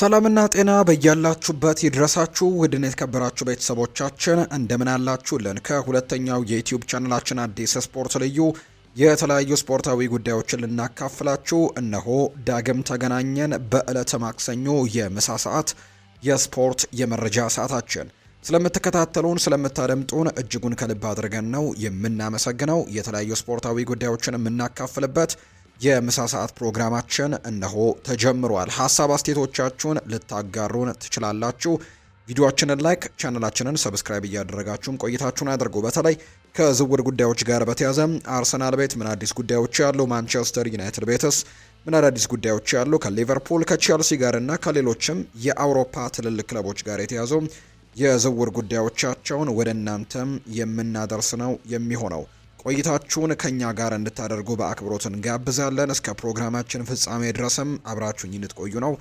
ሰላምና ጤና በያላችሁበት ይድረሳችሁ ውድን የተከበራችሁ ቤተሰቦቻችን እንደምን አላችሁልን? ከሁለተኛው የዩትዩብ ቻነላችን አዲስ ስፖርት ልዩ የተለያዩ ስፖርታዊ ጉዳዮችን ልናካፍላችሁ እነሆ ዳግም ተገናኘን። በዕለተ ማክሰኞ የምሳ ሰዓት የስፖርት የመረጃ ሰዓታችን ስለምትከታተሉን ስለምታደምጡን እጅጉን ከልብ አድርገን ነው የምናመሰግነው። የተለያዩ ስፖርታዊ ጉዳዮችን የምናካፍልበት የምሳ ሰዓት ፕሮግራማችን እነሆ ተጀምሯል። ሀሳብ አስቴቶቻችሁን ልታጋሩን ትችላላችሁ። ቪዲዮችንን ላይክ ቻነላችንን ሰብስክራይብ እያደረጋችሁም ቆይታችሁን አድርጉ። በተለይ ከዝውውር ጉዳዮች ጋር በተያዘ አርሰናል ቤት ምን አዲስ ጉዳዮች ያሉ፣ ማንቸስተር ዩናይትድ ቤትስ ምን አዳዲስ ጉዳዮች ያሉ፣ ከሊቨርፑል ከቼልሲ እና ከሌሎችም የአውሮፓ ትልልቅ ክለቦች ጋር የተያዙ የዝውውር ጉዳዮቻቸውን ወደ እናንተም የምናደርስ ነው የሚሆነው። ቆይታችሁን ከኛ ጋር እንድታደርጉ በአክብሮት እንጋብዛለን። እስከ ፕሮግራማችን ፍጻሜ ድረስም አብራችሁኝ እንድትቆዩ ነው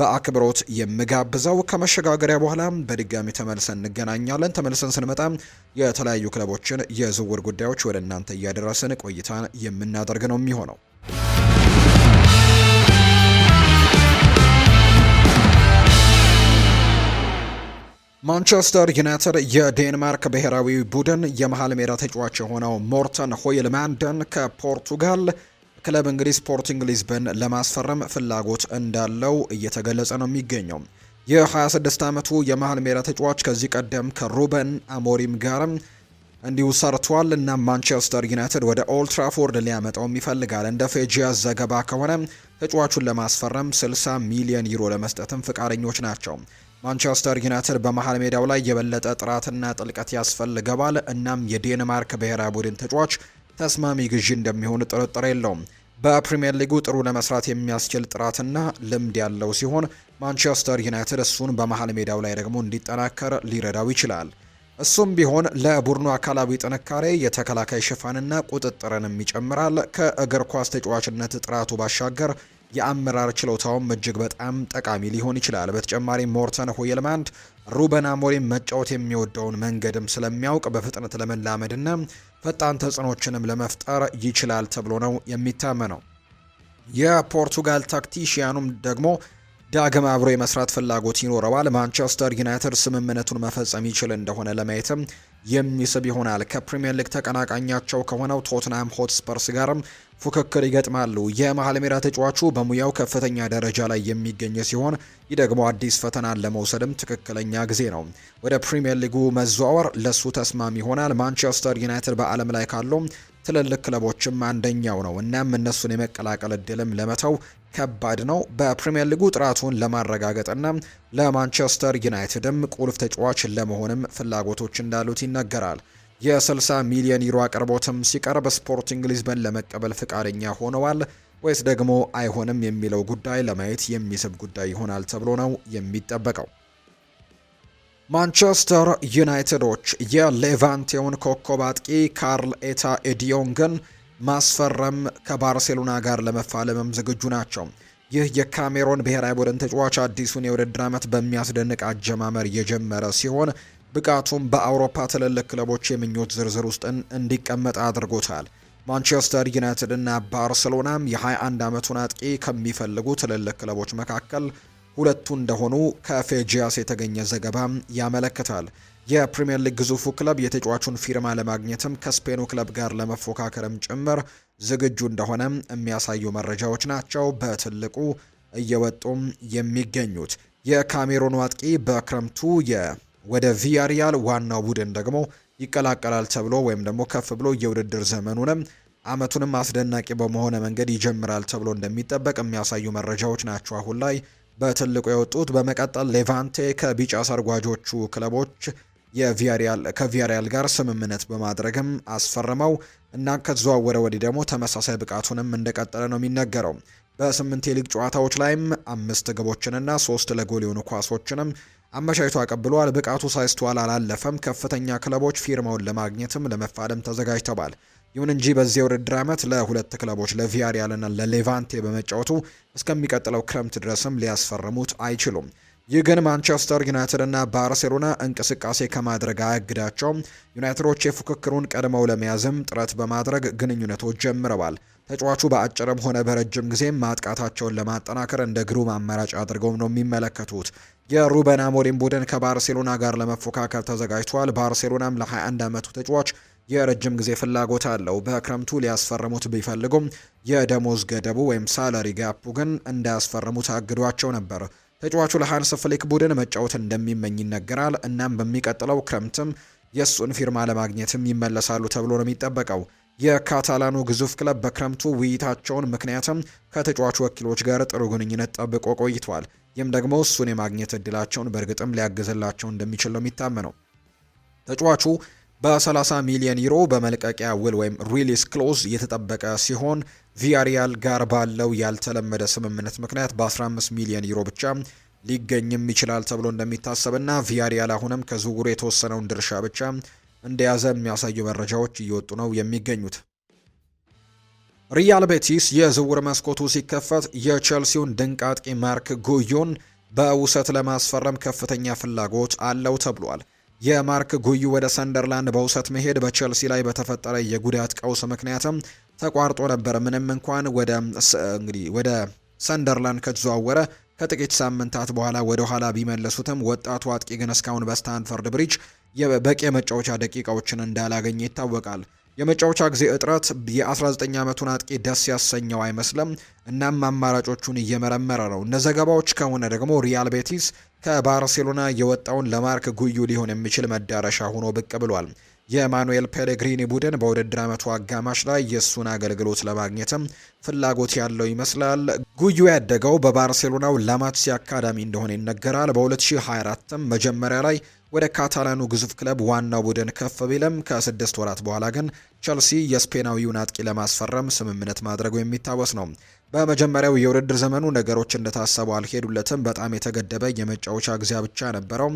በአክብሮት የምጋብዘው። ከመሸጋገሪያ በኋላ በድጋሚ ተመልሰን እንገናኛለን። ተመልሰን ስንመጣ የተለያዩ ክለቦችን የዝውውር ጉዳዮች ወደ እናንተ እያደረስን ቆይታን የምናደርግ ነው የሚሆነው። ማንቸስተር ዩናይትድ የዴንማርክ ብሔራዊ ቡድን የመሀል ሜዳ ተጫዋች የሆነው ሞርተን ሆይልማንደን ከፖርቱጋል ክለብ እንግዲህ ስፖርቲንግ ሊዝበን ለማስፈረም ፍላጎት እንዳለው እየተገለጸ ነው የሚገኘው። የ26 ዓመቱ የመሀል ሜዳ ተጫዋች ከዚህ ቀደም ከሩበን አሞሪም ጋርም እንዲሁ ሰርቷል እና ማንቸስተር ዩናይትድ ወደ ኦልትራፎርድ ሊያመጣውም ይፈልጋል። እንደ ፌጂያ ዘገባ ከሆነ ተጫዋቹን ለማስፈረም 60 ሚሊዮን ዩሮ ለመስጠትም ፍቃደኞች ናቸው። ማንቸስተር ዩናይትድ በመሀል ሜዳው ላይ የበለጠ ጥራትና ጥልቀት ያስፈልገዋል። እናም የዴንማርክ ብሔራዊ ቡድን ተጫዋች ተስማሚ ግዢ እንደሚሆን ጥርጥር የለውም። በፕሪምየር ሊጉ ጥሩ ለመስራት የሚያስችል ጥራትና ልምድ ያለው ሲሆን ማንቸስተር ዩናይትድ እሱን በመሀል ሜዳው ላይ ደግሞ እንዲጠናከር ሊረዳው ይችላል። እሱም ቢሆን ለቡድኑ አካላዊ ጥንካሬ የተከላካይ ሽፋንና ቁጥጥርንም ይጨምራል። ከእግር ኳስ ተጫዋችነት ጥራቱ ባሻገር የአመራር ችሎታውም እጅግ በጣም ጠቃሚ ሊሆን ይችላል። በተጨማሪ ሞርተን ሆየልማንድ ሩበን አሞሪም መጫወት የሚወደውን መንገድም ስለሚያውቅ በፍጥነት ለመላመድና ፈጣን ተጽዕኖችንም ለመፍጠር ይችላል ተብሎ ነው የሚታመነው። የፖርቱጋል ታክቲሽያኑም ደግሞ ዳግም አብሮ የመስራት ፍላጎት ይኖረዋል። ማንቸስተር ዩናይትድ ስምምነቱን መፈጸም ይችል እንደሆነ ለማየትም የሚስብ ይሆናል። ከፕሪምየር ሊግ ተቀናቃኛቸው ከሆነው ቶትናም ሆትስፐርስ ጋርም ፉክክር ይገጥማሉ። የመሀል ሜዳ ተጫዋቹ በሙያው ከፍተኛ ደረጃ ላይ የሚገኝ ሲሆን ይህ ደግሞ አዲስ ፈተናን ለመውሰድም ትክክለኛ ጊዜ ነው። ወደ ፕሪምየር ሊጉ መዘዋወር ለሱ ተስማሚ ይሆናል። ማንቸስተር ዩናይትድ በዓለም ላይ ካሉ ትልልቅ ክለቦችም አንደኛው ነው። እናም እነሱን የመቀላቀል እድልም ለመተው ከባድ ነው። በፕሪምየር ሊጉ ጥራቱን ለማረጋገጥና ለማንቸስተር ዩናይትድም ቁልፍ ተጫዋች ለመሆንም ፍላጎቶች እንዳሉት ይነገራል። የ60 ሚሊዮን ዩሮ አቅርቦትም ሲቀርብ ስፖርቲንግ ሊዝበን ለመቀበል ፍቃደኛ ሆነዋል ወይስ ደግሞ አይሆንም የሚለው ጉዳይ ለማየት የሚስብ ጉዳይ ይሆናል ተብሎ ነው የሚጠበቀው። ማንቸስተር ዩናይትዶች የሌቫንቴውን ኮከብ አጥቂ ካርል ኤታ ኤዲዮንግን ማስፈረም ከባርሴሎና ጋር ለመፋለምም ዝግጁ ናቸው። ይህ የካሜሮን ብሔራዊ ቡድን ተጫዋች አዲሱን የውድድር ዓመት በሚያስደንቅ አጀማመር የጀመረ ሲሆን ብቃቱም በአውሮፓ ትልልቅ ክለቦች የምኞት ዝርዝር ውስጥ እንዲቀመጥ አድርጎታል። ማንቸስተር ዩናይትድ እና ባርሴሎናም የ21 ዓመቱን አጥቂ ከሚፈልጉ ትልልቅ ክለቦች መካከል ሁለቱ እንደሆኑ ከፌጂያስ የተገኘ ዘገባ ያመለክታል። የፕሪምየር ሊግ ግዙፉ ክለብ የተጫዋቹን ፊርማ ለማግኘትም ከስፔኑ ክለብ ጋር ለመፎካከርም ጭምር ዝግጁ እንደሆነ የሚያሳዩ መረጃዎች ናቸው በትልቁ እየወጡም የሚገኙት። የካሜሩኑ አጥቂ በክረምቱ ወደ ቪያሪያል ዋናው ቡድን ደግሞ ይቀላቀላል ተብሎ ወይም ደግሞ ከፍ ብሎ የውድድር ዘመኑንም አመቱንም አስደናቂ በመሆነ መንገድ ይጀምራል ተብሎ እንደሚጠበቅ የሚያሳዩ መረጃዎች ናቸው አሁን ላይ በትልቁ የወጡት። በመቀጠል ሌቫንቴ ከቢጫ ሰርጓጆቹ ክለቦች የቪያሪያል ከቪያሪያል ጋር ስምምነት በማድረግም አስፈርመው እና ከተዘዋወረ ወዲህ ደግሞ ተመሳሳይ ብቃቱንም እንደቀጠለ ነው የሚነገረው። በስምንት የሊግ ጨዋታዎች ላይም አምስት ግቦችንና ሶስት ለጎል የሆኑ ኳሶችንም አመቻችቶ አቀብሏል። ብቃቱ ሳይስተዋል አላለፈም። ከፍተኛ ክለቦች ፊርማውን ለማግኘትም ለመፋለም ተዘጋጅተዋል። ይሁን እንጂ በዚህ የውድድር ዓመት ለሁለት ክለቦች ለቪያሪያልና ለሌቫንቴ በመጫወቱ እስከሚቀጥለው ክረምት ድረስም ሊያስፈርሙት አይችሉም። ይህ ግን ማንቸስተር ዩናይትድ እና ባርሴሎና እንቅስቃሴ ከማድረግ አያግዳቸውም። ዩናይትዶች የፉክክሩን ቀድመው ለመያዝም ጥረት በማድረግ ግንኙነቶች ጀምረዋል። ተጫዋቹ በአጭርም ሆነ በረጅም ጊዜም ማጥቃታቸውን ለማጠናከር እንደ ግሩም አማራጭ አድርገውም ነው የሚመለከቱት። የሩበን አሞሪም ቡድን ከባርሴሎና ጋር ለመፎካከር ተዘጋጅቷል። ባርሴሎናም ለ21 ዓመቱ ተጫዋች የረጅም ጊዜ ፍላጎት አለው። በክረምቱ ሊያስፈርሙት ቢፈልጉም የደሞዝ ገደቡ ወይም ሳለሪ ጋፑ ግን እንዳያስፈርሙት አግዷቸው ነበር። ተጫዋቹ ለሃንስ ፍሊክ ቡድን መጫወት እንደሚመኝ ይነገራል። እናም በሚቀጥለው ክረምትም የእሱን ፊርማ ለማግኘትም ይመለሳሉ ተብሎ ነው የሚጠበቀው። የካታላኑ ግዙፍ ክለብ በክረምቱ ውይይታቸውን ምክንያትም ከተጫዋቹ ወኪሎች ጋር ጥሩ ግንኙነት ጠብቆ ቆይቷል። ይህም ደግሞ እሱን የማግኘት እድላቸውን በእርግጥም ሊያግዝላቸው እንደሚችል ነው የሚታመነው። ተጫዋቹ በ30 ሚሊዮን ዩሮ በመልቀቂያ ውል ወይም ሪሊስ ክሎዝ የተጠበቀ ሲሆን ቪያሪያል ጋር ባለው ያልተለመደ ስምምነት ምክንያት በ15 ሚሊዮን ዩሮ ብቻ ሊገኝም ይችላል ተብሎ እንደሚታሰብና ቪያሪያል አሁንም ከዝውውሩ የተወሰነውን ድርሻ ብቻ እንደያዘ የሚያሳዩ መረጃዎች እየወጡ ነው የሚገኙት። ሪያል ቤቲስ የዝውውር መስኮቱ ሲከፈት የቼልሲውን ድንቅ አጥቂ ማርክ ጉዩን በውሰት ለማስፈረም ከፍተኛ ፍላጎት አለው ተብሏል። የማርክ ጉዩ ወደ ሰንደርላንድ በውሰት መሄድ በቼልሲ ላይ በተፈጠረ የጉዳት ቀውስ ምክንያትም ተቋርጦ ነበር። ምንም እንኳን ወደ እንግዲህ ወደ ሰንደርላንድ ከተዘዋወረ ከጥቂት ሳምንታት በኋላ ወደ ኋላ ቢመለሱትም ወጣቱ አጥቂ ግን እስካሁን በስታንፈርድ ብሪጅ በቂ የመጫወቻ ደቂቃዎችን እንዳላገኘ ይታወቃል። የመጫወቻ ጊዜ እጥረት የ19 ዓመቱን አጥቂ ደስ ያሰኘው አይመስልም። እናም አማራጮቹን እየመረመረ ነው። እነ ዘገባዎች ከሆነ ደግሞ ሪያል ቤቲስ ከባርሴሎና የወጣውን ለማርክ ጉዩ ሊሆን የሚችል መዳረሻ ሆኖ ብቅ ብሏል። የማኑኤል ፔሌግሪኒ ቡድን በውድድር ዓመቱ አጋማሽ ላይ የእሱን አገልግሎት ለማግኘትም ፍላጎት ያለው ይመስላል። ጉዩ ያደገው በባርሴሎናው ላማሲያ አካዳሚ እንደሆነ ይነገራል። በ2024ም መጀመሪያ ላይ ወደ ካታላኑ ግዙፍ ክለብ ዋናው ቡድን ከፍ ቢልም ከስድስት ወራት በኋላ ግን ቸልሲ የስፔናዊውን አጥቂ ለማስፈረም ስምምነት ማድረጉ የሚታወስ ነው። በመጀመሪያው የውድድር ዘመኑ ነገሮች እንደታሰቡ አልሄዱለትም። በጣም የተገደበ የመጫወቻ ጊዜያ ብቻ ነበረው።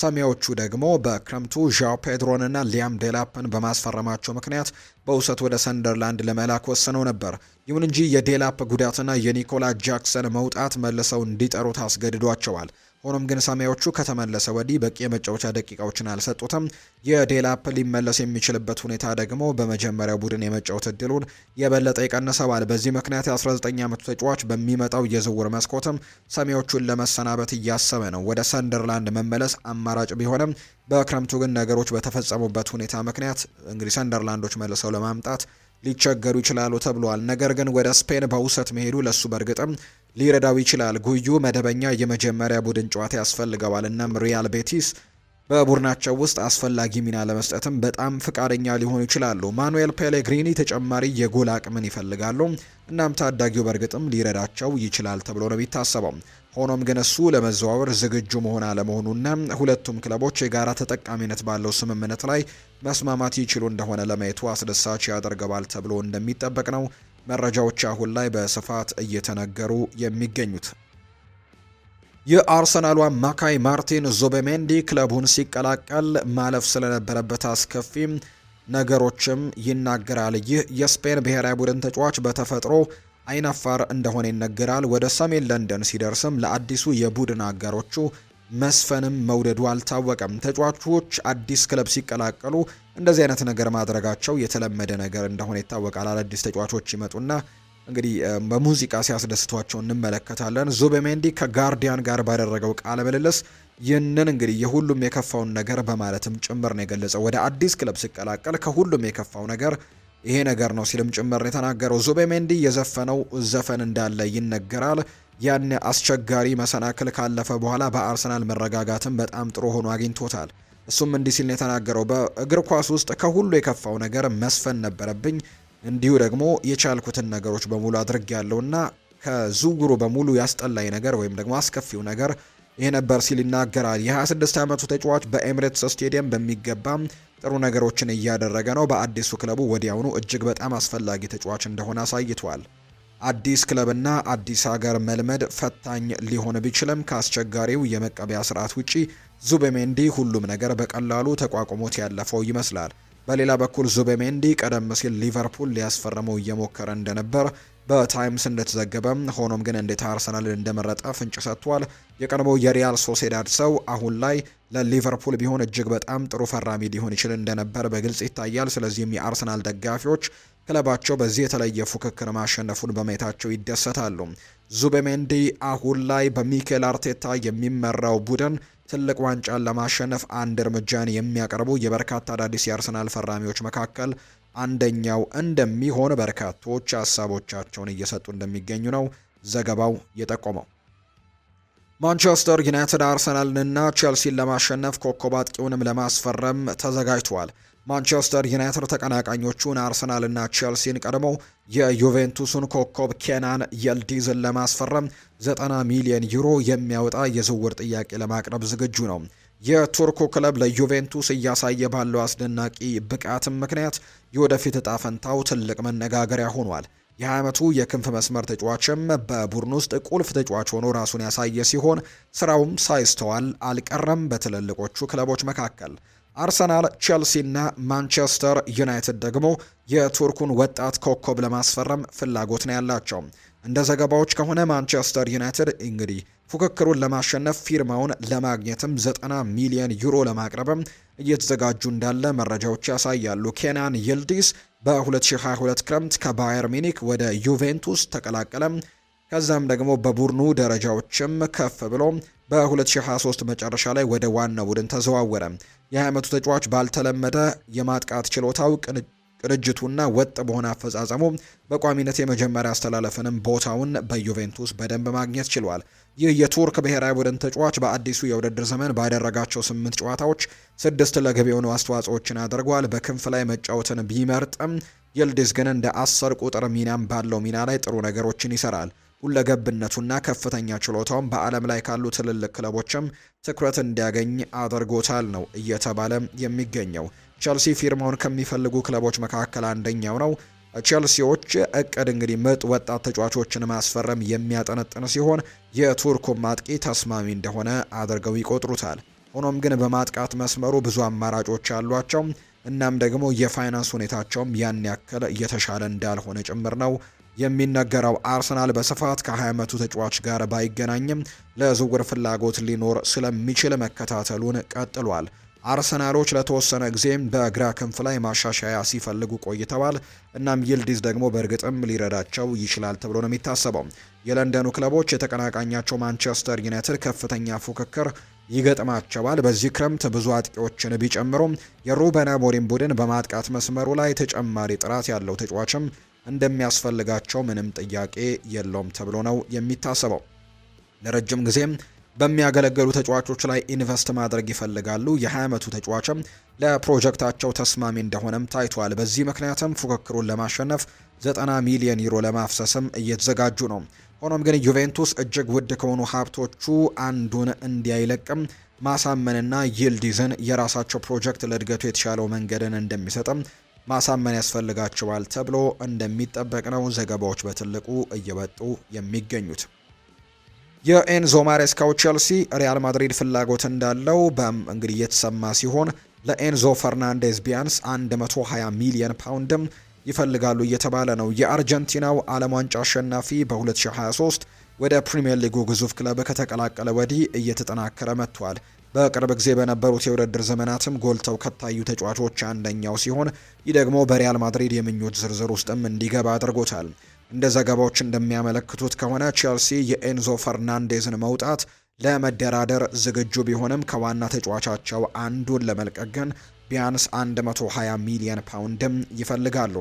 ሰሚዎቹ ደግሞ በክረምቱ ዣው ፔድሮንና ሊያም ዴላፕን በማስፈረማቸው ምክንያት በውሰት ወደ ሰንደርላንድ ለመላክ ወስነው ነበር። ይሁን እንጂ የዴላፕ ጉዳትና የኒኮላ ጃክሰን መውጣት መልሰው እንዲጠሩት አስገድዷቸዋል። ሆኖም ግን ሰማያዎቹ ከተመለሰ ወዲህ በቂ የመጫወቻ ደቂቃዎችን አልሰጡትም። የዴላፕ ሊመለስ የሚችልበት ሁኔታ ደግሞ በመጀመሪያው ቡድን የመጫወት እድሉን የበለጠ ይቀንሰዋል። በዚህ ምክንያት የ19 ዓመቱ ተጫዋች በሚመጣው የዝውውር መስኮትም ሰሜዎቹን ለመሰናበት እያሰበ ነው። ወደ ሰንደርላንድ መመለስ አማራጭ ቢሆንም በክረምቱ ግን ነገሮች በተፈጸሙበት ሁኔታ ምክንያት እንግዲህ ሰንደርላንዶች መልሰው ለማምጣት ሊቸገሩ ይችላሉ ተብሏል። ነገር ግን ወደ ስፔን በውሰት መሄዱ ለሱ በእርግጥም ሊረዳው ይችላል። ጉዩ መደበኛ የመጀመሪያ ቡድን ጨዋታ ያስፈልገዋል። እናም ሪያል ቤቲስ በቡድናቸው ውስጥ አስፈላጊ ሚና ለመስጠትም በጣም ፍቃደኛ ሊሆኑ ይችላሉ። ማኑኤል ፔሌግሪኒ ተጨማሪ የጎል አቅምን ይፈልጋሉ። እናም ታዳጊው በእርግጥም ሊረዳቸው ይችላል ተብሎ ነው የሚታሰበው። ሆኖም ግን እሱ ለመዘዋወር ዝግጁ መሆን አለመሆኑና ሁለቱም ክለቦች የጋራ ተጠቃሚነት ባለው ስምምነት ላይ መስማማት ይችሉ እንደሆነ ለማየቱ አስደሳች ያደርገዋል ተብሎ እንደሚጠበቅ ነው መረጃዎች አሁን ላይ በስፋት እየተነገሩ የሚገኙት። የአርሰናሉ አማካይ ማርቲን ዙቤሜንዲ ክለቡን ሲቀላቀል ማለፍ ስለነበረበት አስከፊ ነገሮችም ይናገራል። ይህ የስፔን ብሔራዊ ቡድን ተጫዋች በተፈጥሮ አይናፋር እንደሆነ ይነገራል። ወደ ሰሜን ለንደን ሲደርስም ለአዲሱ የቡድን አጋሮቹ መስፈንም መውደዱ አልታወቀም። ተጫዋቾች አዲስ ክለብ ሲቀላቀሉ እንደዚህ አይነት ነገር ማድረጋቸው የተለመደ ነገር እንደሆነ ይታወቃል። አዳዲስ ተጫዋቾች ይመጡና እንግዲህ በሙዚቃ ሲያስደስቷቸው እንመለከታለን። ዙቤሜንዲ ከጋርዲያን ጋር ባደረገው ቃለ ምልልስ ይህንን እንግዲህ የሁሉም የከፋውን ነገር በማለትም ጭምር ነው የገለጸው። ወደ አዲስ ክለብ ሲቀላቀል ከሁሉም የከፋው ነገር ይሄ ነገር ነው ሲልም ጭምር የተናገረው። ዙቤሜንዲ የዘፈነው ዘፈን እንዳለ ይነገራል። ያን አስቸጋሪ መሰናክል ካለፈ በኋላ በአርሰናል መረጋጋትን በጣም ጥሩ ሆኖ አግኝቶታል። እሱም እንዲህ ሲል ነው የተናገረው። በእግር ኳስ ውስጥ ከሁሉ የከፋው ነገር መስፈን ነበረብኝ። እንዲሁ ደግሞ የቻልኩትን ነገሮች በሙሉ አድርጌያለሁና ከዝውውሩ በሙሉ ያስጠላኝ ነገር ወይም ደግሞ አስከፊው ነገር ይህ ነበር ሲል ይናገራል። የ26 ዓመቱ ተጫዋች በኤምሬትስ ስቴዲየም በሚገባ ጥሩ ነገሮችን እያደረገ ነው። በአዲሱ ክለቡ ወዲያውኑ እጅግ በጣም አስፈላጊ ተጫዋች እንደሆነ አሳይቷል። አዲስ ክለብና አዲስ ሀገር መልመድ ፈታኝ ሊሆን ቢችልም ከአስቸጋሪው የመቀበያ ስርዓት ውጪ ዙቤሜንዲ ሁሉም ነገር በቀላሉ ተቋቁሞት ያለፈው ይመስላል። በሌላ በኩል ዙቤሜንዲ ቀደም ሲል ሊቨርፑል ሊያስፈርመው እየሞከረ እንደነበር በታይምስ እንደተዘገበ ሆኖም ግን እንዴት አርሰናልን እንደመረጠ ፍንጭ ሰጥቷል። የቀድሞው የሪያል ሶሴዳድ ሰው አሁን ላይ ለሊቨርፑል ቢሆን እጅግ በጣም ጥሩ ፈራሚ ሊሆን ይችል እንደነበር በግልጽ ይታያል። ስለዚህም የአርሰናል ደጋፊዎች ክለባቸው በዚህ የተለየ ፉክክር ማሸነፉን በማየታቸው ይደሰታሉ። ዙቤሜንዲ አሁን ላይ በሚኬል አርቴታ የሚመራው ቡድን ትልቅ ዋንጫን ለማሸነፍ አንድ እርምጃን የሚያቀርቡ የበርካታ አዳዲስ የአርሰናል ፈራሚዎች መካከል አንደኛው እንደሚሆን በርካቶች ሀሳቦቻቸውን እየሰጡ እንደሚገኙ ነው ዘገባው የጠቆመው። ማንቸስተር ዩናይትድ አርሰናልንና ቼልሲን ለማሸነፍ ኮከብ አጥቂውንም ለማስፈረም ተዘጋጅተዋል። ማንቸስተር ዩናይትድ ተቀናቃኞቹን አርሰናልና ቼልሲን ቀድሞ የዩቬንቱስን ኮከብ ኬናን የልዲዝን ለማስፈረም 90 ሚሊዮን ዩሮ የሚያወጣ የዝውውር ጥያቄ ለማቅረብ ዝግጁ ነው። የቱርኩ ክለብ ለዩቬንቱስ እያሳየ ባለው አስደናቂ ብቃትም ምክንያት የወደፊት እጣ ፈንታው ትልቅ መነጋገሪያ ሆኗል። የ20 ዓመቱ የክንፍ መስመር ተጫዋችም በቡድን ውስጥ ቁልፍ ተጫዋች ሆኖ ራሱን ያሳየ ሲሆን ስራውም ሳይስተዋል አልቀረም በትልልቆቹ ክለቦች መካከል። አርሰናል፣ ቼልሲና ማንቸስተር ዩናይትድ ደግሞ የቱርኩን ወጣት ኮከብ ለማስፈረም ፍላጎት ነው ያላቸው። እንደ ዘገባዎች ከሆነ ማንቸስተር ዩናይትድ እንግዲህ ፉክክሩን ለማሸነፍ ፊርማውን ለማግኘትም 90 ሚሊዮን ዩሮ ለማቅረብም እየተዘጋጁ እንዳለ መረጃዎች ያሳያሉ። ኬናን ይልዲስ በ2022 ክረምት ከባየር ሚኒክ ወደ ዩቬንቱስ ተቀላቀለ ከዛም ደግሞ በቡድኑ ደረጃዎችም ከፍ ብሎ በ2023 መጨረሻ ላይ ወደ ዋና ቡድን ተዘዋወረ። የ20 ዓመቱ ተጫዋች ባልተለመደ የማጥቃት ችሎታው ቅርጅቱና ወጥ በሆነ አፈጻጸሙ በቋሚነት የመጀመሪያ አስተላለፍንም ቦታውን በዩቬንቱስ በደንብ ማግኘት ችሏል። ይህ የቱርክ ብሔራዊ ቡድን ተጫዋች በአዲሱ የውድድር ዘመን ባደረጋቸው ስምንት ጨዋታዎች ስድስት ለግብ የሆኑ አስተዋጽኦችን አድርጓል። በክንፍ ላይ መጫወትን ቢመርጥም ይልዲዝ ግን እንደ አስር ቁጥር ሚናም ባለው ሚና ላይ ጥሩ ነገሮችን ይሰራል። ሁለገብነቱና ከፍተኛ ችሎታውም በዓለም ላይ ካሉ ትልልቅ ክለቦችም ትኩረት እንዲያገኝ አድርጎታል ነው እየተባለ የሚገኘው። ቸልሲ ፊርማውን ከሚፈልጉ ክለቦች መካከል አንደኛው ነው። ቸልሲዎች እቅድ እንግዲህ ምርጥ ወጣት ተጫዋቾችን ማስፈረም የሚያጠነጥን ሲሆን የቱርኩም ማጥቂ ተስማሚ እንደሆነ አድርገው ይቆጥሩታል። ሆኖም ግን በማጥቃት መስመሩ ብዙ አማራጮች አሏቸው። እናም ደግሞ የፋይናንስ ሁኔታቸውም ያን ያክል እየተሻለ እንዳልሆነ ጭምር ነው የሚነገረው። አርሰናል በስፋት ከ20 ዓመቱ ተጫዋች ጋር ባይገናኝም ለዝውውር ፍላጎት ሊኖር ስለሚችል መከታተሉን ቀጥሏል። አርሰናሎች ለተወሰነ ጊዜም በግራ ክንፍ ላይ ማሻሻያ ሲፈልጉ ቆይተዋል። እናም ይልዲዝ ደግሞ በእርግጥም ሊረዳቸው ይችላል ተብሎ ነው የሚታሰበው። የለንደኑ ክለቦች የተቀናቃኛቸው ማንቸስተር ዩናይትድ ከፍተኛ ፉክክር ይገጥማቸዋል። በዚህ ክረምት ብዙ አጥቂዎችን ቢጨምሩም የሩበን አሞሪም ቡድን በማጥቃት መስመሩ ላይ ተጨማሪ ጥራት ያለው ተጫዋችም እንደሚያስፈልጋቸው ምንም ጥያቄ የለውም ተብሎ ነው የሚታሰበው ለረጅም ጊዜም በሚያገለግሉ ተጫዋቾች ላይ ኢንቨስት ማድረግ ይፈልጋሉ። የ20 ዓመቱ ተጫዋችም ለፕሮጀክታቸው ተስማሚ እንደሆነም ታይቷል። በዚህ ምክንያትም ፉክክሩን ለማሸነፍ 90 ሚሊዮን ዩሮ ለማፍሰስም እየተዘጋጁ ነው። ሆኖም ግን ዩቬንቱስ እጅግ ውድ ከሆኑ ሀብቶቹ አንዱን እንዲያይለቅም ማሳመንና ይልዲዝን የራሳቸው ፕሮጀክት ለእድገቱ የተሻለው መንገድን እንደሚሰጥም ማሳመን ያስፈልጋቸዋል ተብሎ እንደሚጠበቅ ነው ዘገባዎች በትልቁ እየወጡ የሚገኙት። የኤንዞ ማሬስካው ቼልሲ ሪያል ማድሪድ ፍላጎት እንዳለው እንግዲህ እየተሰማ ሲሆን ለኤንዞ ፈርናንዴዝ ቢያንስ 120 ሚሊዮን ፓውንድም ይፈልጋሉ እየተባለ ነው። የአርጀንቲናው ዓለም ዋንጫ አሸናፊ በ2023 ወደ ፕሪምየር ሊጉ ግዙፍ ክለብ ከተቀላቀለ ወዲህ እየተጠናከረ መጥቷል። በቅርብ ጊዜ በነበሩት የውድድር ዘመናትም ጎልተው ከታዩ ተጫዋቾች አንደኛው ሲሆን ይህ ደግሞ በሪያል ማድሪድ የምኞት ዝርዝር ውስጥም እንዲገባ አድርጎታል። እንደ ዘገባዎች እንደሚያመለክቱት ከሆነ ቼልሲ የኤንዞ ፈርናንዴዝን መውጣት ለመደራደር ዝግጁ ቢሆንም ከዋና ተጫዋቻቸው አንዱን ለመልቀቅ ግን ቢያንስ 120 ሚሊዮን ፓውንድም ይፈልጋሉ።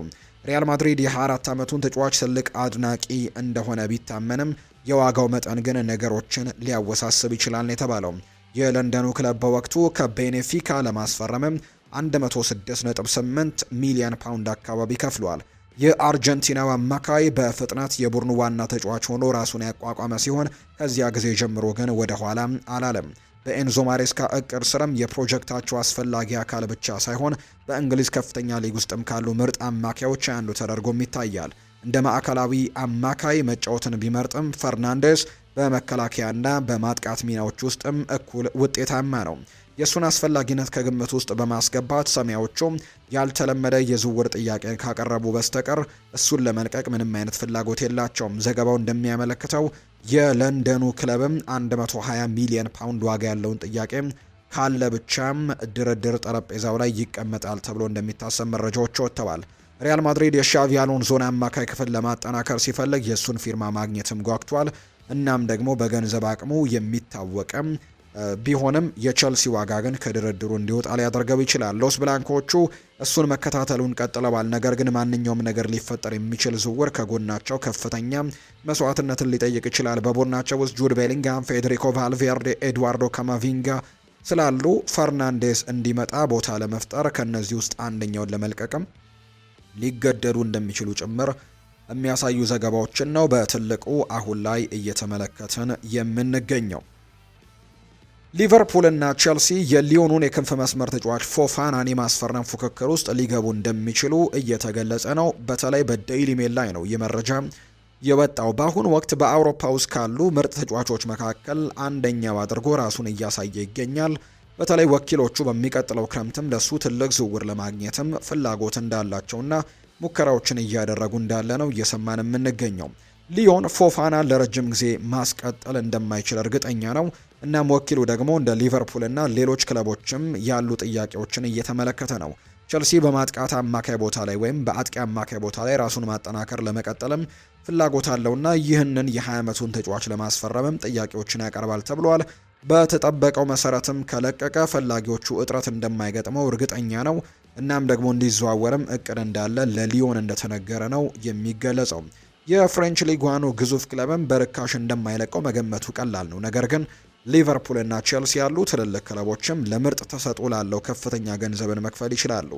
ሪያል ማድሪድ የ24 ዓመቱን ተጫዋች ትልቅ አድናቂ እንደሆነ ቢታመንም የዋጋው መጠን ግን ነገሮችን ሊያወሳስብ ይችላል የተባለው የለንደኑ ክለብ በወቅቱ ከቤኔፊካ ለማስፈረምም 168 ሚሊዮን ፓውንድ አካባቢ ከፍሏል። የአርጀንቲናው አማካይ በፍጥነት የቡድኑ ዋና ተጫዋች ሆኖ ራሱን ያቋቋመ ሲሆን ከዚያ ጊዜ ጀምሮ ግን ወደ ኋላ አላለም። በኤንዞ ማሬስካ እቅድ ስርም የፕሮጀክታቸው አስፈላጊ አካል ብቻ ሳይሆን በእንግሊዝ ከፍተኛ ሊግ ውስጥም ካሉ ምርጥ አማካዮች አንዱ ተደርጎም ይታያል። እንደ ማዕከላዊ አማካይ መጫወትን ቢመርጥም ፈርናንዴስ በመከላከያና በማጥቃት ሚናዎች ውስጥም እኩል ውጤታማ ነው። የእሱን አስፈላጊነት ከግምት ውስጥ በማስገባት ሰማያዎቹም ያልተለመደ የዝውውር ጥያቄ ካቀረቡ በስተቀር እሱን ለመልቀቅ ምንም አይነት ፍላጎት የላቸውም። ዘገባው እንደሚያመለክተው የለንደኑ ክለብም 120 ሚሊዮን ፓውንድ ዋጋ ያለውን ጥያቄ ካለ ብቻም ድርድር ጠረጴዛው ላይ ይቀመጣል ተብሎ እንደሚታሰብ መረጃዎች ወጥተዋል። ሪያል ማድሪድ የሻቪ አሎንሶን አማካይ ክፍል ለማጠናከር ሲፈልግ የእሱን ፊርማ ማግኘትም ጓግቷል። እናም ደግሞ በገንዘብ አቅሙ የሚታወቅም ቢሆንም የቸልሲ ዋጋ ግን ከድርድሩ እንዲወጣ ሊያደርገው ይችላል። ሎስ ብላንኮቹ እሱን መከታተሉን ቀጥለዋል። ነገር ግን ማንኛውም ነገር ሊፈጠር የሚችል ዝውውር ከጎናቸው ከፍተኛ መስዋዕትነትን ሊጠይቅ ይችላል። በቡድናቸው ውስጥ ጁድ ቤሊንግሃም፣ ፌዴሪኮ ቫልቬርዴ፣ ኤድዋርዶ ካማቪንጋ ስላሉ ፈርናንዴስ እንዲመጣ ቦታ ለመፍጠር ከእነዚህ ውስጥ አንደኛውን ለመልቀቅም ሊገደዱ እንደሚችሉ ጭምር የሚያሳዩ ዘገባዎችን ነው በትልቁ አሁን ላይ እየተመለከትን የምንገኘው። ሊቨርፑል እና ቼልሲ የሊዮኑን የክንፍ መስመር ተጫዋች ፎፋናን የማስፈረም ፉክክር ውስጥ ሊገቡ እንደሚችሉ እየተገለጸ ነው። በተለይ በዴይሊ ሜል ላይ ነው ይህ መረጃ የወጣው። በአሁኑ ወቅት በአውሮፓ ውስጥ ካሉ ምርጥ ተጫዋቾች መካከል አንደኛው አድርጎ ራሱን እያሳየ ይገኛል። በተለይ ወኪሎቹ በሚቀጥለው ክረምትም ለሱ ትልቅ ዝውውር ለማግኘትም ፍላጎት እንዳላቸውና ሙከራዎችን እያደረጉ እንዳለ ነው እየሰማን የምንገኘው። ሊዮን ፎፋናን ለረጅም ጊዜ ማስቀጠል እንደማይችል እርግጠኛ ነው። እናም ወኪሉ ደግሞ እንደ ሊቨርፑል እና ሌሎች ክለቦችም ያሉ ጥያቄዎችን እየተመለከተ ነው። ቸልሲ በማጥቃት አማካይ ቦታ ላይ ወይም በአጥቂ አማካይ ቦታ ላይ ራሱን ማጠናከር ለመቀጠልም ፍላጎት አለውና ይህንን የ20 ዓመቱን ተጫዋች ለማስፈረምም ጥያቄዎችን ያቀርባል ተብሏል። በተጠበቀው መሰረትም ከለቀቀ ፈላጊዎቹ እጥረት እንደማይገጥመው እርግጠኛ ነው። እናም ደግሞ እንዲዘዋወርም እቅድ እንዳለ ለሊዮን እንደተነገረ ነው የሚገለጸው። የፍሬንች ሊጓኑ ግዙፍ ክለብም በርካሽ እንደማይለቀው መገመቱ ቀላል ነው። ነገር ግን ሊቨርፑልና ቼልሲ ያሉ ትልልቅ ክለቦችም ለምርጥ ተሰጥኦ ላለው ከፍተኛ ገንዘብን መክፈል ይችላሉ።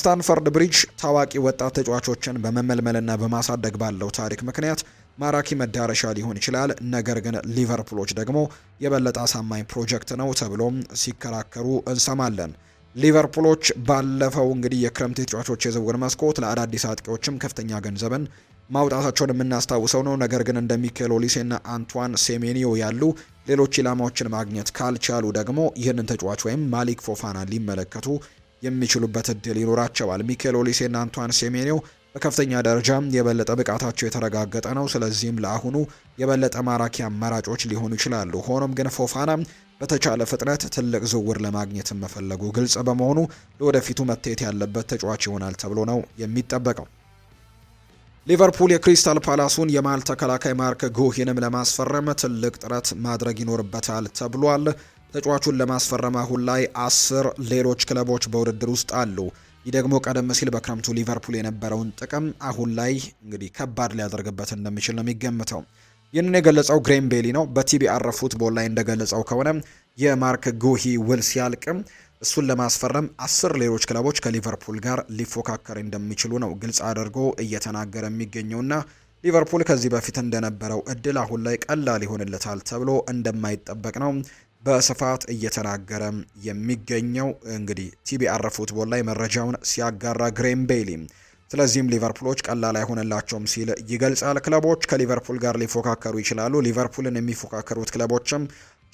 ስታንፈርድ ብሪጅ ታዋቂ ወጣት ተጫዋቾችን በመመልመልና በማሳደግ ባለው ታሪክ ምክንያት ማራኪ መዳረሻ ሊሆን ይችላል። ነገር ግን ሊቨርፑሎች ደግሞ የበለጠ አሳማኝ ፕሮጀክት ነው ተብሎም ሲከራከሩ እንሰማለን። ሊቨርፑሎች ባለፈው እንግዲህ የክረምት ተጫዋቾች የዝውውር መስኮት ለአዳዲስ አጥቂዎችም ከፍተኛ ገንዘብን ማውጣታቸውን የምናስታውሰው ነው። ነገር ግን እንደ ሚካኤል ኦሊሴና አንቷን ሴሜኒዮ ያሉ ሌሎች ኢላማዎችን ማግኘት ካልቻሉ ደግሞ ይህንን ተጫዋች ወይም ማሊክ ፎፋና ሊመለከቱ የሚችሉበት እድል ይኖራቸዋል። ሚካኤል ኦሊሴና አንቷን ሴሜኒዮ በከፍተኛ ደረጃ የበለጠ ብቃታቸው የተረጋገጠ ነው። ስለዚህም ለአሁኑ የበለጠ ማራኪ አማራጮች ሊሆኑ ይችላሉ። ሆኖም ግን ፎፋና በተቻለ ፍጥነት ትልቅ ዝውውር ለማግኘት መፈለጉ ግልጽ በመሆኑ ለወደፊቱ መታየት ያለበት ተጫዋች ይሆናል ተብሎ ነው የሚጠበቀው። ሊቨርፑል የክሪስታል ፓላሱን የመሃል ተከላካይ ማርክ ጉሂንም ለማስፈረም ትልቅ ጥረት ማድረግ ይኖርበታል ተብሏል። ተጫዋቹን ለማስፈረም አሁን ላይ አስር ሌሎች ክለቦች በውድድር ውስጥ አሉ። ይህ ደግሞ ቀደም ሲል በክረምቱ ሊቨርፑል የነበረውን ጥቅም አሁን ላይ እንግዲህ ከባድ ሊያደርግበት እንደሚችል ነው የሚገምተው። ይህንን የገለጸው ግሬም ቤሊ ነው። በቲቢአር ፉትቦል ላይ እንደገለጸው ከሆነ የማርክ ጉሂ ውል ሲያልቅም እሱን ለማስፈረም አስር ሌሎች ክለቦች ከሊቨርፑል ጋር ሊፎካከር እንደሚችሉ ነው ግልጽ አድርጎ እየተናገረ የሚገኘውና ሊቨርፑል ከዚህ በፊት እንደነበረው እድል አሁን ላይ ቀላል ይሆንለታል ተብሎ እንደማይጠበቅ ነው በስፋት እየተናገረ የሚገኘው። እንግዲህ ቲቢአር ፉትቦል ላይ መረጃውን ሲያጋራ ግሬም ቤይሊ ስለዚህም ሊቨርፑሎች ቀላል አይሆንላቸውም ሲል ይገልጻል። ክለቦች ከሊቨርፑል ጋር ሊፎካከሩ ይችላሉ። ሊቨርፑልን የሚፎካከሩት ክለቦችም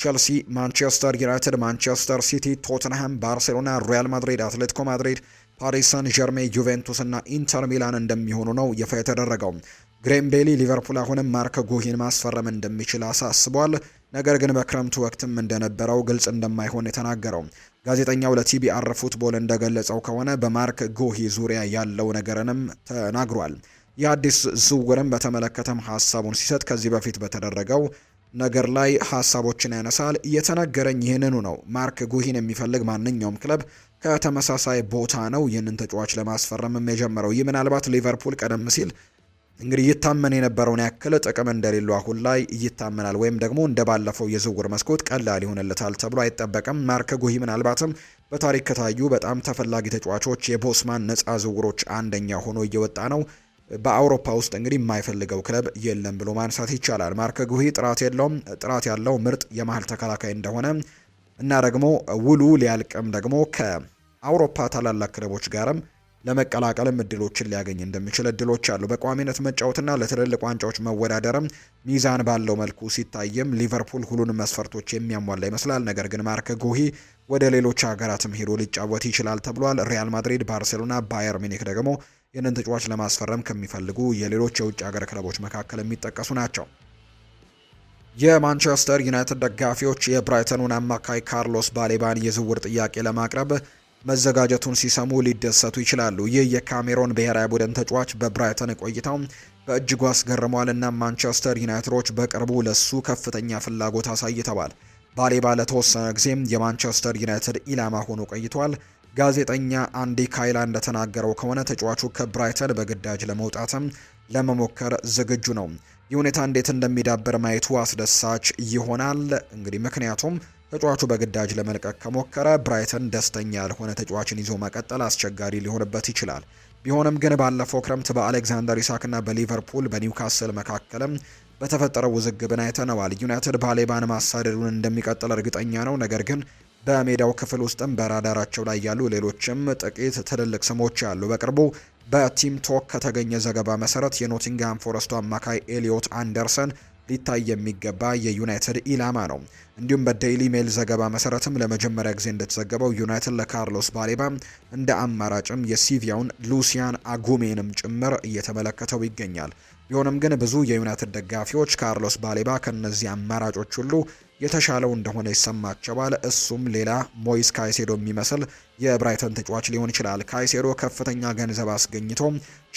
ቸልሲ፣ ማንቸስተር ዩናይትድ፣ ማንቸስተር ሲቲ፣ ቶትንሃም፣ ባርሴሎና፣ ሪያል ማድሪድ፣ አትሌቲኮ ማድሪድ፣ ፓሪስ ሳን ዠርሜን፣ ዩቬንቱስ እና ኢንተር ሚላን እንደሚሆኑ ነው ይፋ የተደረገው። ግሬም ቤሊ ሊቨርፑል አሁንም ማርክ ጉሂን ማስፈረም እንደሚችል አሳስቧል። ነገር ግን በክረምቱ ወቅትም እንደነበረው ግልጽ እንደማይሆን የተናገረው ጋዜጠኛው ለቲቢአር ፉትቦል እንደገለጸው ከሆነ በማርክ ጉሂ ዙሪያ ያለው ነገርንም ተናግሯል። የአዲስ ዝውውርን በተመለከተም ሀሳቡን ሲሰጥ ከዚህ በፊት በተደረገው ነገር ላይ ሀሳቦችን ያነሳል። እየተናገረኝ ይህንኑ ነው። ማርክ ጉሂን የሚፈልግ ማንኛውም ክለብ ከተመሳሳይ ቦታ ነው ይህንን ተጫዋች ለማስፈረምም የጀመረው። ይህ ምናልባት ሊቨርፑል ቀደም ሲል እንግዲህ ይታመን የነበረውን ያክል ጥቅም እንደሌለው አሁን ላይ ይታመናል፣ ወይም ደግሞ እንደ ባለፈው የዝውውር መስኮት ቀላል ይሆንለታል ተብሎ አይጠበቅም። ማርክ ጉሂ ምናልባትም በታሪክ ከታዩ በጣም ተፈላጊ ተጫዋቾች የቦስማን ነፃ ዝውውሮች አንደኛ ሆኖ እየወጣ ነው። በአውሮፓ ውስጥ እንግዲህ የማይፈልገው ክለብ የለም ብሎ ማንሳት ይቻላል። ማርክ ጉሂ ጥራት የለውም ጥራት ያለው ምርጥ የመሀል ተከላካይ እንደሆነ እና ደግሞ ውሉ ሊያልቅም ደግሞ ከአውሮፓ ታላላቅ ክለቦች ጋርም ለመቀላቀልም እድሎችን ሊያገኝ እንደሚችል እድሎች አሉ። በቋሚነት መጫወትና ለትልልቅ ዋንጫዎች መወዳደርም ሚዛን ባለው መልኩ ሲታይም ሊቨርፑል ሁሉን መስፈርቶች የሚያሟላ ይመስላል። ነገር ግን ማርክ ጉሂ ወደ ሌሎች ሀገራትም ሄዶ ሊጫወት ይችላል ተብሏል። ሪያል ማድሪድ፣ ባርሴሎና፣ ባየር ሚኒክ ደግሞ ይህንን ተጫዋች ለማስፈረም ከሚፈልጉ የሌሎች የውጭ ሀገር ክለቦች መካከል የሚጠቀሱ ናቸው። የማንቸስተር ዩናይትድ ደጋፊዎች የብራይተኑን አማካይ ካርሎስ ባሌባን የዝውውር ጥያቄ ለማቅረብ መዘጋጀቱን ሲሰሙ ሊደሰቱ ይችላሉ። ይህ የካሜሮን ብሔራዊ ቡድን ተጫዋች በብራይተን ቆይታው በእጅጉ አስገርመዋል እና ማንቸስተር ዩናይትዶች በቅርቡ ለሱ ከፍተኛ ፍላጎት አሳይተዋል። ባሌባ ለተወሰነ ጊዜም የማንቸስተር ዩናይትድ ኢላማ ሆኖ ቆይቷል። ጋዜጠኛ አንዲ ካይላ እንደተናገረው ከሆነ ተጫዋቹ ከብራይተን በግዳጅ ለመውጣትም ለመሞከር ዝግጁ ነው። ይህ ሁኔታ እንዴት እንደሚዳበር ማየቱ አስደሳች ይሆናል። እንግዲህ ምክንያቱም ተጫዋቹ በግዳጅ ለመልቀቅ ከሞከረ ብራይተን ደስተኛ ያልሆነ ተጫዋችን ይዞ መቀጠል አስቸጋሪ ሊሆንበት ይችላል። ቢሆንም ግን ባለፈው ክረምት በአሌክዛንደር ኢሳክና በሊቨርፑል በኒውካስል መካከልም በተፈጠረው ውዝግብን አይተነዋል። ዩናይትድ ባሌባን ማሳደዱን እንደሚቀጥል እርግጠኛ ነው። ነገር ግን በሜዳው ክፍል ውስጥም በራዳራቸው ላይ ያሉ ሌሎችም ጥቂት ትልልቅ ስሞች አሉ። በቅርቡ በቲም ቶክ ከተገኘ ዘገባ መሰረት የኖቲንግሃም ፎረስቱ አማካይ ኤሊዮት አንደርሰን ሊታይ የሚገባ የዩናይትድ ኢላማ ነው። እንዲሁም በዴይሊ ሜል ዘገባ መሰረትም ለመጀመሪያ ጊዜ እንደተዘገበው ዩናይትድ ለካርሎስ ባሌባ እንደ አማራጭም የሲቪያውን ሉሲያን አጉሜንም ጭምር እየተመለከተው ይገኛል። ቢሆንም ግን ብዙ የዩናይትድ ደጋፊዎች ካርሎስ ባሌባ ከእነዚህ አማራጮች ሁሉ የተሻለው እንደሆነ ይሰማቸዋል። እሱም ሌላ ሞይስ ካይሴዶ የሚመስል የብራይተን ተጫዋች ሊሆን ይችላል። ካይሴዶ ከፍተኛ ገንዘብ አስገኝቶ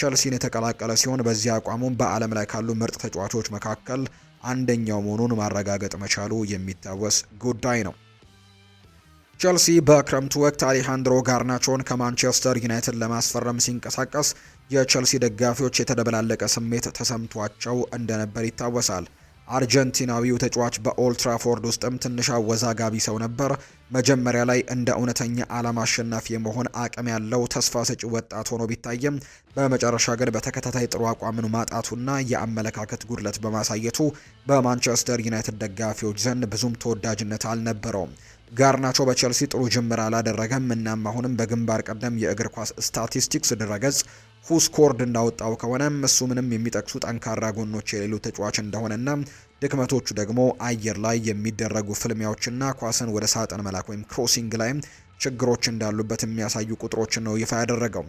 ቸልሲን የተቀላቀለ ሲሆን በዚህ አቋሙም በዓለም ላይ ካሉ ምርጥ ተጫዋቾች መካከል አንደኛው መሆኑን ማረጋገጥ መቻሉ የሚታወስ ጉዳይ ነው። ቸልሲ በክረምቱ ወቅት አሌሃንድሮ ጋርናቾን ከማንቸስተር ዩናይትድ ለማስፈረም ሲንቀሳቀስ የቸልሲ ደጋፊዎች የተደበላለቀ ስሜት ተሰምቷቸው እንደነበር ይታወሳል። አርጀንቲናዊው ተጫዋች በኦልትራፎርድ ውስጥም ትንሽ አወዛጋቢ ሰው ነበር። መጀመሪያ ላይ እንደ እውነተኛ ዓለም አሸናፊ የመሆን አቅም ያለው ተስፋ ሰጪ ወጣት ሆኖ ቢታየም በመጨረሻ ግን በተከታታይ ጥሩ አቋምን ማጣቱና የአመለካከት ጉድለት በማሳየቱ በማንቸስተር ዩናይትድ ደጋፊዎች ዘንድ ብዙም ተወዳጅነት አልነበረውም። ጋርናቾ በቼልሲ ጥሩ ጅምር አላደረገም። እናም አሁንም በግንባር ቀደም የእግር ኳስ ስታቲስቲክስ ድረገጽ ሁስኮርድ እንዳወጣው ከሆነም እሱ ምንም የሚጠቅሱ ጠንካራ ጎኖች የሌሉ ተጫዋች እንደሆነና ድክመቶቹ ደግሞ አየር ላይ የሚደረጉ ፍልሚያዎችና ኳስን ወደ ሳጥን መላክ ወይም ክሮሲንግ ላይ ችግሮች እንዳሉበት የሚያሳዩ ቁጥሮችን ነው ይፋ ያደረገው።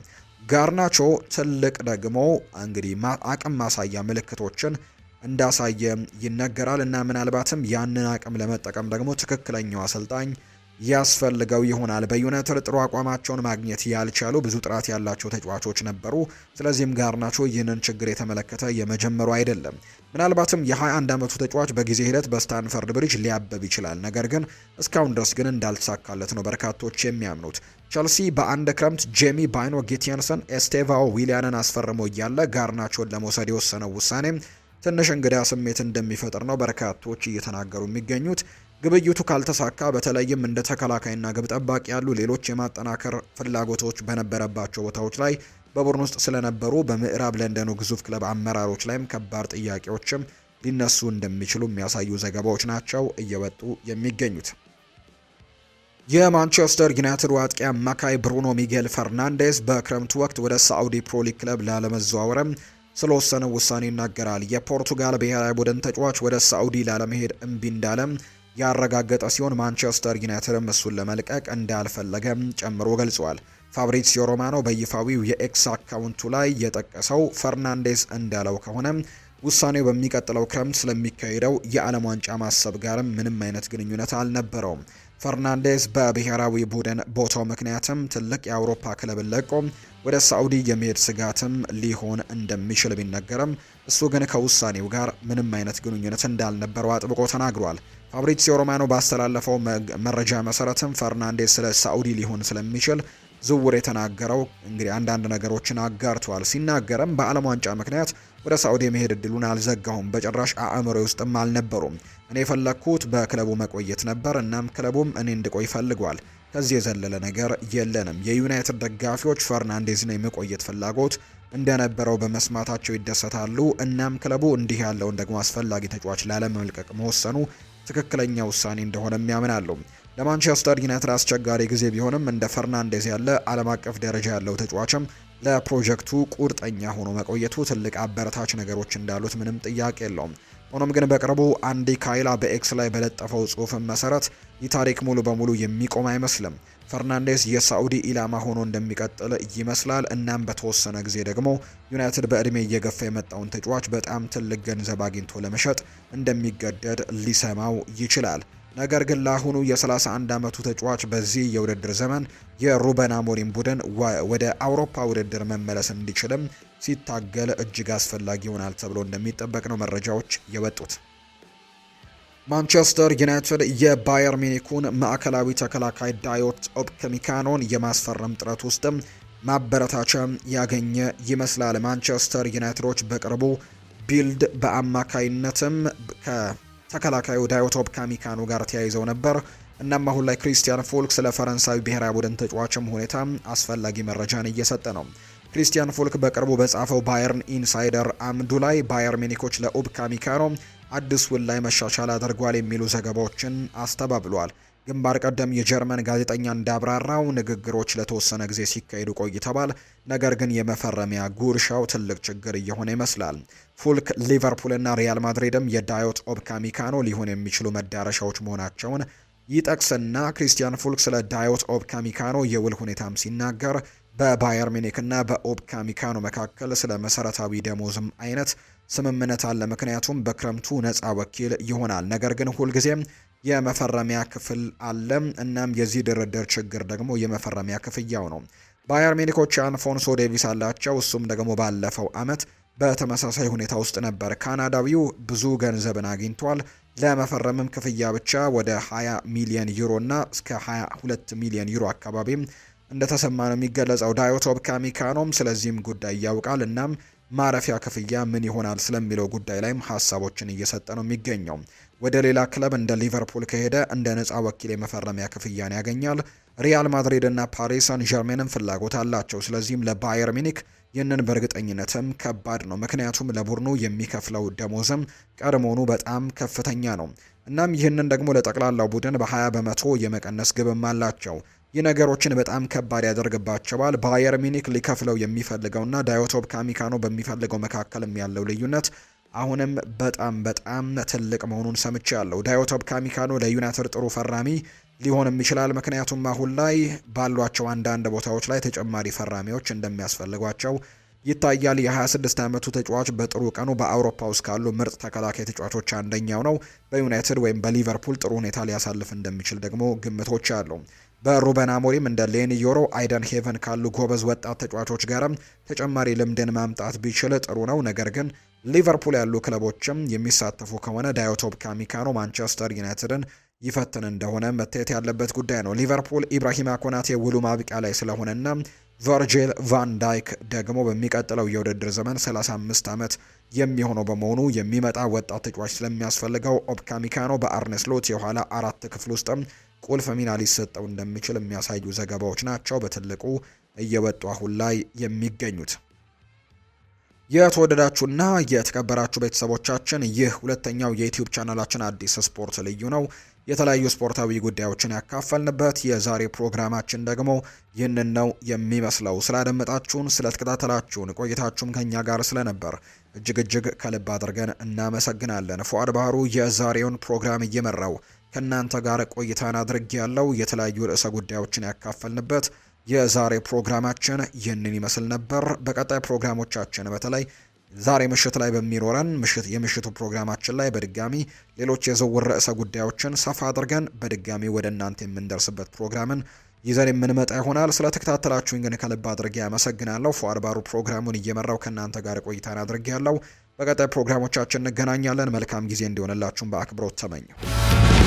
ጋርናቾ ትልቅ ደግሞ እንግዲህ አቅም ማሳያ ምልክቶችን እንዳሳየ ይነገራል እና ምናልባትም ያንን አቅም ለመጠቀም ደግሞ ትክክለኛው አሰልጣኝ ያስፈልገው ይሆናል። በዩናይትድ ጥሩ አቋማቸውን ማግኘት ያልቻሉ ብዙ ጥራት ያላቸው ተጫዋቾች ነበሩ። ስለዚህም ጋርናቾ ይህንን ችግር የተመለከተ የመጀመሩ አይደለም። ምናልባትም የ21 ዓመቱ ተጫዋች በጊዜ ሂደት በስታንፈርድ ብሪጅ ሊያበብ ይችላል። ነገር ግን እስካሁን ድረስ ግን እንዳልተሳካለት ነው በርካቶች የሚያምኑት። ቸልሲ በአንድ ክረምት ጄሚ ባይኖ ጌቲያንሰን፣ ኤስቴቫኦ ዊሊያንን አስፈርሞ እያለ ጋርናቾን ለመውሰድ የወሰነው ውሳኔ ትንሽ እንግዳ ስሜት እንደሚፈጥር ነው በርካቶች እየተናገሩ የሚገኙት። ግብይቱ ካልተሳካ በተለይም እንደ ተከላካይና ግብ ጠባቂ ያሉ ሌሎች የማጠናከር ፍላጎቶች በነበረባቸው ቦታዎች ላይ በቡድን ውስጥ ስለነበሩ በምዕራብ ለንደኑ ግዙፍ ክለብ አመራሮች ላይም ከባድ ጥያቄዎችም ሊነሱ እንደሚችሉ የሚያሳዩ ዘገባዎች ናቸው እየወጡ የሚገኙት። የማንቸስተር ዩናይትድ አጥቂ አማካይ ብሩኖ ሚጌል ፈርናንዴስ በክረምቱ ወቅት ወደ ሳዑዲ ፕሮሊግ ክለብ ላለመዘዋወርም ስለወሰነው ውሳኔ ይናገራል። የፖርቱጋል ብሔራዊ ቡድን ተጫዋች ወደ ሳዑዲ ላለመሄድ እምቢ እንዳለም ያረጋገጠ ሲሆን ማንቸስተር ዩናይትድም እሱን ለመልቀቅ እንዳልፈለገ ጨምሮ ገልጿል። ፋብሪሲዮ ሮማኖ በይፋዊው የኤክስ አካውንቱ ላይ የጠቀሰው ፈርናንዴስ እንዳለው ከሆነ ውሳኔው በሚቀጥለው ክረምት ስለሚካሄደው የዓለም ዋንጫ ማሰብ ጋርም ምንም አይነት ግንኙነት አልነበረውም። ፈርናንዴስ በብሔራዊ ቡድን ቦታው ምክንያትም ትልቅ የአውሮፓ ክለብን ለቆ ወደ ሳዑዲ የመሄድ ስጋትም ሊሆን እንደሚችል ቢነገርም እሱ ግን ከውሳኔው ጋር ምንም አይነት ግንኙነት እንዳልነበረው አጥብቆ ተናግሯል። ፋብሪሲዮ ሮማኖ ባስተላለፈው መረጃ መሰረትም ፈርናንዴስ ስለ ሳኡዲ ሊሆን ስለሚችል ዝውውር የተናገረው እንግዲህ አንዳንድ ነገሮችን አጋርቷል። ሲናገርም በዓለም ዋንጫ ምክንያት ወደ ሳኡዲ የመሄድ እድሉን አልዘጋሁም፣ በጭራሽ አእምሮ ውስጥም አልነበሩም። እኔ የፈለግኩት በክለቡ መቆየት ነበር። እናም ክለቡም እኔ እንድቆይ ፈልጓል። ከዚህ የዘለለ ነገር የለንም። የዩናይትድ ደጋፊዎች ፈርናንዴዝን የመቆየት ፍላጎት እንደነበረው በመስማታቸው ይደሰታሉ። እናም ክለቡ እንዲህ ያለውን ደግሞ አስፈላጊ ተጫዋች ላለመልቀቅ መወሰኑ ትክክለኛ ውሳኔ እንደሆነም ያምናሉ። ለማንቸስተር ዩናይትድ አስቸጋሪ ጊዜ ቢሆንም እንደ ፈርናንዴዝ ያለ ዓለም አቀፍ ደረጃ ያለው ተጫዋችም ለፕሮጀክቱ ቁርጠኛ ሆኖ መቆየቱ ትልቅ አበረታች ነገሮች እንዳሉት ምንም ጥያቄ የለውም። ሆኖም ግን በቅርቡ አንዲ ካይላ በኤክስ ላይ በለጠፈው ጽሑፍን መሰረት ይህ ታሪክ ሙሉ በሙሉ የሚቆም አይመስልም። ፈርናንዴስ የሳዑዲ ኢላማ ሆኖ እንደሚቀጥል ይመስላል። እናም በተወሰነ ጊዜ ደግሞ ዩናይትድ በእድሜ እየገፋ የመጣውን ተጫዋች በጣም ትልቅ ገንዘብ አግኝቶ ለመሸጥ እንደሚገደድ ሊሰማው ይችላል። ነገር ግን ለአሁኑ የ31 ዓመቱ ተጫዋች በዚህ የውድድር ዘመን የሩበን አሞሪም ቡድን ወደ አውሮፓ ውድድር መመለስ እንዲችልም ሲታገል እጅግ አስፈላጊ ይሆናል ተብሎ እንደሚጠበቅ ነው መረጃዎች የወጡት። ማንቸስተር ዩናይትድ የባየር ሚኒኩን ማዕከላዊ ተከላካይ ዳዮት ኦፕከሚካኖን የማስፈረም ጥረት ውስጥም ማበረታቻ ያገኘ ይመስላል። ማንቸስተር ዩናይትዶች በቅርቡ ቢልድ በአማካይነትም ከተከላካዩ ዳዮት ኦፕ ጋር ተያይዘው ነበር። እናም አሁን ላይ ክሪስቲያን ፎልክ ስለ ፈረንሳዊ ብሔራዊ ቡድን ተጫዋችም ሁኔታ አስፈላጊ መረጃን እየሰጠ ነው። ክሪስቲያን ፎልክ በቅርቡ በጻፈው ባየርን ኢንሳይደር አምዱ ላይ ባየር ሚኒኮች ለኡብካሚካኖ አዲስ ውል ላይ መሻሻል አድርጓል የሚሉ ዘገባዎችን አስተባብሏል። ግንባር ቀደም የጀርመን ጋዜጠኛ እንዳብራራው ንግግሮች ለተወሰነ ጊዜ ሲካሄዱ ቆይተዋል። ነገር ግን የመፈረሚያ ጉርሻው ትልቅ ችግር እየሆነ ይመስላል። ፉልክ ሊቨርፑልና ሪያል ማድሪድም የዳዮት ኦብካሚካኖ ሊሆን የሚችሉ መዳረሻዎች መሆናቸውን ይጠቅስና ክሪስቲያን ፉልክ ስለ ዳዮት ኦብካሚካኖ የውል ሁኔታም ሲናገር በባየር ሚኒክና በኦብካሚካኖ መካከል ስለ መሰረታዊ ደሞዝም አይነት ስምምነት አለ። ምክንያቱም በክረምቱ ነፃ ወኪል ይሆናል። ነገር ግን ሁልጊዜም የመፈረሚያ ክፍል አለ። እናም የዚህ ድርድር ችግር ደግሞ የመፈረሚያ ክፍያው ነው። ባየር ሚኒኮች አንፎንሶ ዴቪስ አላቸው። እሱም ደግሞ ባለፈው አመት በተመሳሳይ ሁኔታ ውስጥ ነበር። ካናዳዊው ብዙ ገንዘብን አግኝቷል። ለመፈረምም ክፍያ ብቻ ወደ 20 ሚሊዮን ዩሮ እና እስከ 22 ሚሊዮን ዩሮ አካባቢም እንደተሰማ ነው የሚገለጸው። ዳዮቶብ ካሚካኖም ስለዚህም ጉዳይ ያውቃል። እናም ማረፊያ ክፍያ ምን ይሆናል ስለሚለው ጉዳይ ላይም ሀሳቦችን እየሰጠ ነው የሚገኘው። ወደ ሌላ ክለብ እንደ ሊቨርፑል ከሄደ እንደ ነፃ ወኪል የመፈረሚያ ክፍያን ያገኛል። ሪያል ማድሪድ እና ፓሪስ ሳን ዠርሜንም ፍላጎት አላቸው። ስለዚህም ለባየር ሚኒክ ይህንን በእርግጠኝነትም ከባድ ነው። ምክንያቱም ለቡድኑ የሚከፍለው ደሞዝም ቀድሞኑ በጣም ከፍተኛ ነው። እናም ይህንን ደግሞ ለጠቅላላው ቡድን በ20 በመቶ የመቀነስ ግብም አላቸው። የነገሮችን በጣም ከባድ ያደርግባቸዋል። ባየር ሚኒክ ሊከፍለው የሚፈልገውና ዳዮቶብ ካሚካኖ በሚፈልገው መካከልም ያለው ልዩነት አሁንም በጣም በጣም ትልቅ መሆኑን ያለው ዳዮቶብ ካሚካኖ ለዩናይትድ ጥሩ ፈራሚ ሊሆንም ይችላል። ምክንያቱም አሁን ላይ ባሏቸው አንዳንድ ቦታዎች ላይ ተጨማሪ ፈራሚዎች እንደሚያስፈልጓቸው ይታያል። የ26 ዓመቱ ተጫዋች በጥሩ ቀኑ በአውሮፓ ውስጥ ካሉ ምርጥ ተከላካይ ተጫዋቾች አንደኛው ነው። በዩናይትድ ወይም በሊቨርፑል ጥሩ ሁኔታ ሊያሳልፍ እንደሚችል ደግሞ ግምቶች አሉ። በሩበን አሞሪም እንደ ሌኒ ዮሮ፣ አይደን ሄቨን ካሉ ጎበዝ ወጣት ተጫዋቾች ጋርም ተጨማሪ ልምድን ማምጣት ቢችል ጥሩ ነው። ነገር ግን ሊቨርፑል ያሉ ክለቦችም የሚሳተፉ ከሆነ ዳዮቶብ ካሚካኖ ማንቸስተር ዩናይትድን ይፈትን እንደሆነ መታየት ያለበት ጉዳይ ነው። ሊቨርፑል ኢብራሂማ ኮናቴ ውሉ ማብቂያ ላይ ስለሆነና ቨርጂል ቫን ዳይክ ደግሞ በሚቀጥለው የውድድር ዘመን 35 ዓመት የሚሆነው በመሆኑ የሚመጣ ወጣት ተጫዋች ስለሚያስፈልገው ኦፕካሚካኖ በአርኔስሎት የኋላ አራት ክፍል ውስጥም ቁልፍ ሚና ሊሰጠው እንደሚችል የሚያሳዩ ዘገባዎች ናቸው በትልቁ እየወጡ አሁን ላይ የሚገኙት። የተወደዳችሁና የተከበራችሁ ቤተሰቦቻችን ይህ ሁለተኛው የዩትዩብ ቻናላችን አዲስ ስፖርት ልዩ ነው። የተለያዩ ስፖርታዊ ጉዳዮችን ያካፈልንበት የዛሬ ፕሮግራማችን ደግሞ ይህንን ነው የሚመስለው። ስላደመጣችሁን፣ ስለተከታተላችሁን ቆይታችሁም ከኛ ጋር ስለነበር እጅግ እጅግ ከልብ አድርገን እናመሰግናለን። ፉአድ ባህሩ የዛሬውን ፕሮግራም እየመራው ከእናንተ ጋር ቆይታን አድርግ ያለው የተለያዩ ርዕሰ ጉዳዮችን ያካፈልንበት የዛሬ ፕሮግራማችን ይህንን ይመስል ነበር። በቀጣይ ፕሮግራሞቻችን በተለይ ዛሬ ምሽት ላይ በሚኖረን ምሽት የምሽቱ ፕሮግራማችን ላይ በድጋሚ ሌሎች የዝውውር ርዕሰ ጉዳዮችን ሰፋ አድርገን በድጋሚ ወደ እናንተ የምንደርስበት ፕሮግራምን ይዘን የምንመጣ ይሆናል። ስለ ተከታተላችሁኝ ግን ከልብ አድርጌ አመሰግናለሁ። ፏአድባሩ ፕሮግራሙን እየመራው ከእናንተ ጋር ቆይታን አድርጌ ያለው። በቀጣይ ፕሮግራሞቻችን እንገናኛለን። መልካም ጊዜ እንዲሆንላችሁም በአክብሮት ተመኘው።